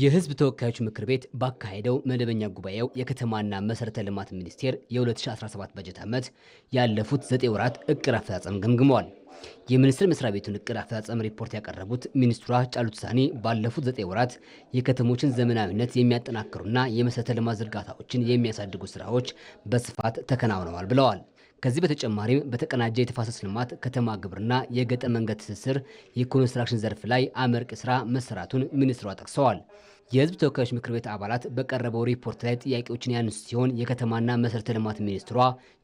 የህዝብ ተወካዮች ምክር ቤት ባካሄደው መደበኛ ጉባኤው የከተማና መሰረተ ልማት ሚኒስቴር የ2017 በጀት ዓመት ያለፉት ዘጠኝ ወራት እቅድ አፈጻጸም ገምግመዋል። የሚኒስቴር መስሪያ ቤቱን እቅድ አፈጻጸም ሪፖርት ያቀረቡት ሚኒስትሯ ጫሉ ሳኒ ባለፉት ዘጠኝ ወራት የከተሞችን ዘመናዊነት የሚያጠናክሩና የመሰረተ ልማት ዝርጋታዎችን የሚያሳድጉ ስራዎች በስፋት ተከናውነዋል ብለዋል። ከዚህ በተጨማሪም በተቀናጀ የተፋሰስ ልማት፣ ከተማ ግብርና፣ የገጠር መንገድ ትስስር፣ የኮንስትራክሽን ዘርፍ ላይ አመርቂ ስራ መሰራቱን ሚኒስትሯ ጠቅሰዋል። የህዝብ ተወካዮች ምክር ቤት አባላት በቀረበው ሪፖርት ላይ ጥያቄዎችን ያነሱ ሲሆን የከተማና መሰረተ ልማት ሚኒስትሯ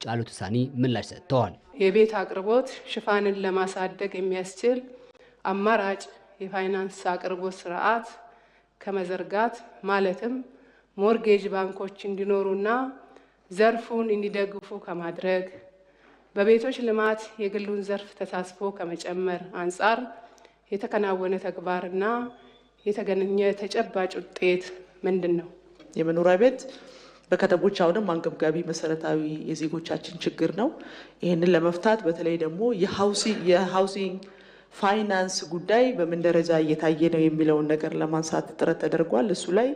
ጫሉ ሳኒ ምላሽ ሰጥተዋል። የቤት አቅርቦት ሽፋንን ለማሳደግ የሚያስችል አማራጭ የፋይናንስ አቅርቦት ስርዓት ከመዘርጋት ማለትም ሞርጌጅ ባንኮች እንዲኖሩና ዘርፉን እንዲደግፉ ከማድረግ በቤቶች ልማት የግሉን ዘርፍ ተሳትፎ ከመጨመር አንጻር የተከናወነ ተግባርና የተገኘ ተጨባጭ ውጤት ምንድን ነው? የመኖሪያ ቤት በከተሞች አሁንም አንገብጋቢ መሰረታዊ የዜጎቻችን ችግር ነው። ይህንን ለመፍታት በተለይ ደግሞ የሃውሲንግ ፋይናንስ ጉዳይ በምን ደረጃ እየታየ ነው የሚለውን ነገር ለማንሳት ጥረት ተደርጓል። እሱ ላይ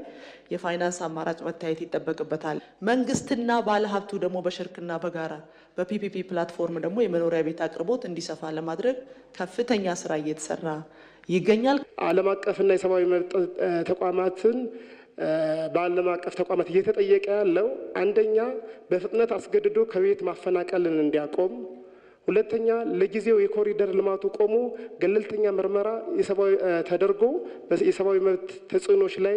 የፋይናንስ አማራጭ መታየት ይጠበቅበታል። መንግስትና ባለሀብቱ ደግሞ በሽርክና በጋራ በፒፒፒ ፕላትፎርም ደግሞ የመኖሪያ ቤት አቅርቦት እንዲሰፋ ለማድረግ ከፍተኛ ስራ እየተሰራ ይገኛል። ዓለም አቀፍና የሰብአዊ መብት ተቋማትን በዓለም አቀፍ ተቋማት እየተጠየቀ ያለው አንደኛ በፍጥነት አስገድዶ ከቤት ማፈናቀልን እንዲያቆም ሁለተኛ ለጊዜው የኮሪደር ልማቱ ቆሞ ገለልተኛ ምርመራ ተደርጎ የሰብአዊ መብት ተጽዕኖች ላይ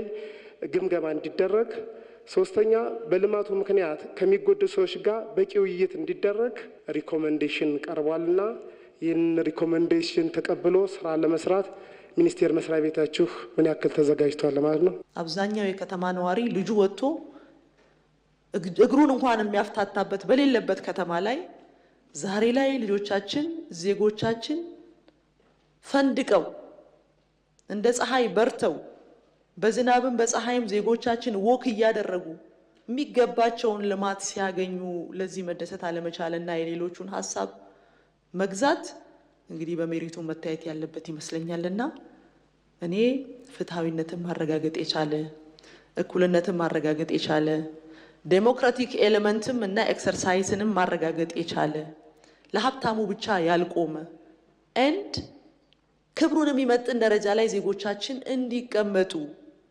ግምገማ እንዲደረግ፣ ሶስተኛ በልማቱ ምክንያት ከሚጎዱ ሰዎች ጋር በቂ ውይይት እንዲደረግ ሪኮመንዴሽን ቀርቧልና ይህን ሪኮመንዴሽን ተቀብሎ ስራ ለመስራት ሚኒስቴር መስሪያ ቤታችሁ ምን ያክል ተዘጋጅቷል ማለት ነው። አብዛኛው የከተማ ነዋሪ ልጁ ወጥቶ እግሩን እንኳን የሚያፍታታበት በሌለበት ከተማ ላይ ዛሬ ላይ ልጆቻችን ዜጎቻችን ፈንድቀው እንደ ፀሐይ በርተው በዝናብም በፀሐይም ዜጎቻችን ወክ እያደረጉ የሚገባቸውን ልማት ሲያገኙ ለዚህ መደሰት አለመቻልና የሌሎቹን ሀሳብ መግዛት እንግዲህ በሜሪቱ መታየት ያለበት ይመስለኛልና እኔ ፍትሐዊነትን ማረጋገጥ የቻለ እኩልነትን ማረጋገጥ የቻለ ዴሞክራቲክ ኤሌመንትም እና ኤክሰርሳይዝንም ማረጋገጥ የቻለ ለሀብታሙ ብቻ ያልቆመ ኤንድ ክብሩን የሚመጥን ደረጃ ላይ ዜጎቻችን እንዲቀመጡ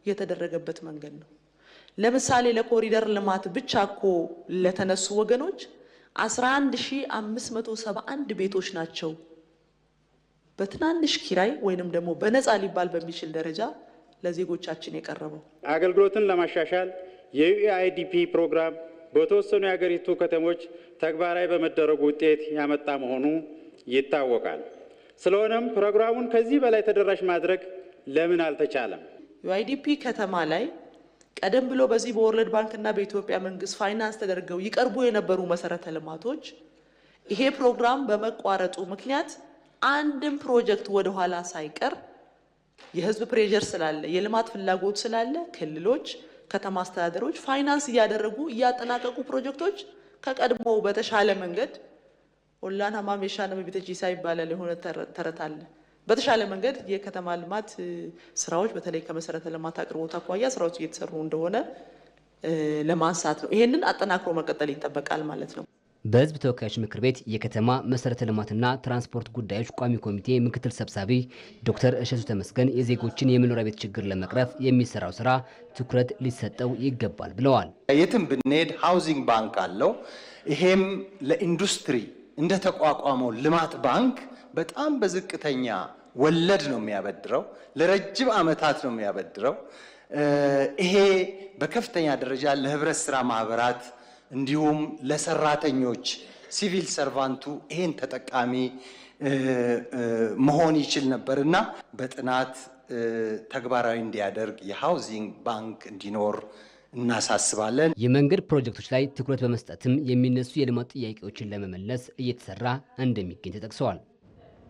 የተደረገበት መንገድ ነው። ለምሳሌ ለኮሪደር ልማት ብቻ እኮ ለተነሱ ወገኖች 11571 ቤቶች ናቸው በትናንሽ ኪራይ ወይንም ደግሞ በነፃ ሊባል በሚችል ደረጃ ለዜጎቻችን የቀረበው። አገልግሎትን ለማሻሻል የዩኤአይዲፒ ፕሮግራም በተወሰኑ የአገሪቱ ከተሞች ተግባራዊ በመደረጉ ውጤት ያመጣ መሆኑ ይታወቃል። ስለሆነም ፕሮግራሙን ከዚህ በላይ ተደራሽ ማድረግ ለምን አልተቻለም? ዩአይዲፒ ከተማ ላይ ቀደም ብሎ በዚህ በወርልድ እና በኢትዮጵያ መንግስት ፋይናንስ ተደርገው ይቀርቡ የነበሩ መሰረተ ልማቶች ይሄ ፕሮግራም በመቋረጡ ምክንያት አንድም ፕሮጀክት ወደኋላ ሳይቀር የህዝብ ፕሬዠር ስላለ የልማት ፍላጎት ስላለ ክልሎች ከተማ አስተዳደሮች ፋይናንስ እያደረጉ እያጠናቀቁ ፕሮጀክቶች ከቀድሞ በተሻለ መንገድ ሁላን ሀማም የሻነ በቤተጂሳ ይባላል የሆነ ተረት አለ። በተሻለ መንገድ የከተማ ልማት ስራዎች በተለይ ከመሰረተ ልማት አቅርቦት አኳያ ስራዎች እየተሰሩ እንደሆነ ለማንሳት ነው። ይሄንን አጠናክሮ መቀጠል ይጠበቃል ማለት ነው። በህዝብ ተወካዮች ምክር ቤት የከተማ መሰረተ ልማትና ትራንስፖርት ጉዳዮች ቋሚ ኮሚቴ ምክትል ሰብሳቢ ዶክተር እሸቱ ተመስገን የዜጎችን የመኖሪያ ቤት ችግር ለመቅረፍ የሚሰራው ስራ ትኩረት ሊሰጠው ይገባል ብለዋል። የትም ብንሄድ ሃውዚንግ ባንክ አለው። ይሄም ለኢንዱስትሪ እንደ ተቋቋመው ልማት ባንክ በጣም በዝቅተኛ ወለድ ነው የሚያበድረው። ለረጅም ዓመታት ነው የሚያበድረው። ይሄ በከፍተኛ ደረጃ ለህብረት ስራ ማህበራት እንዲሁም ለሰራተኞች ሲቪል ሰርቫንቱ ይሄን ተጠቃሚ መሆን ይችል ነበር እና በጥናት ተግባራዊ እንዲያደርግ የሃውዚንግ ባንክ እንዲኖር እናሳስባለን። የመንገድ ፕሮጀክቶች ላይ ትኩረት በመስጠትም የሚነሱ የልማት ጥያቄዎችን ለመመለስ እየተሰራ እንደሚገኝ ተጠቅሰዋል።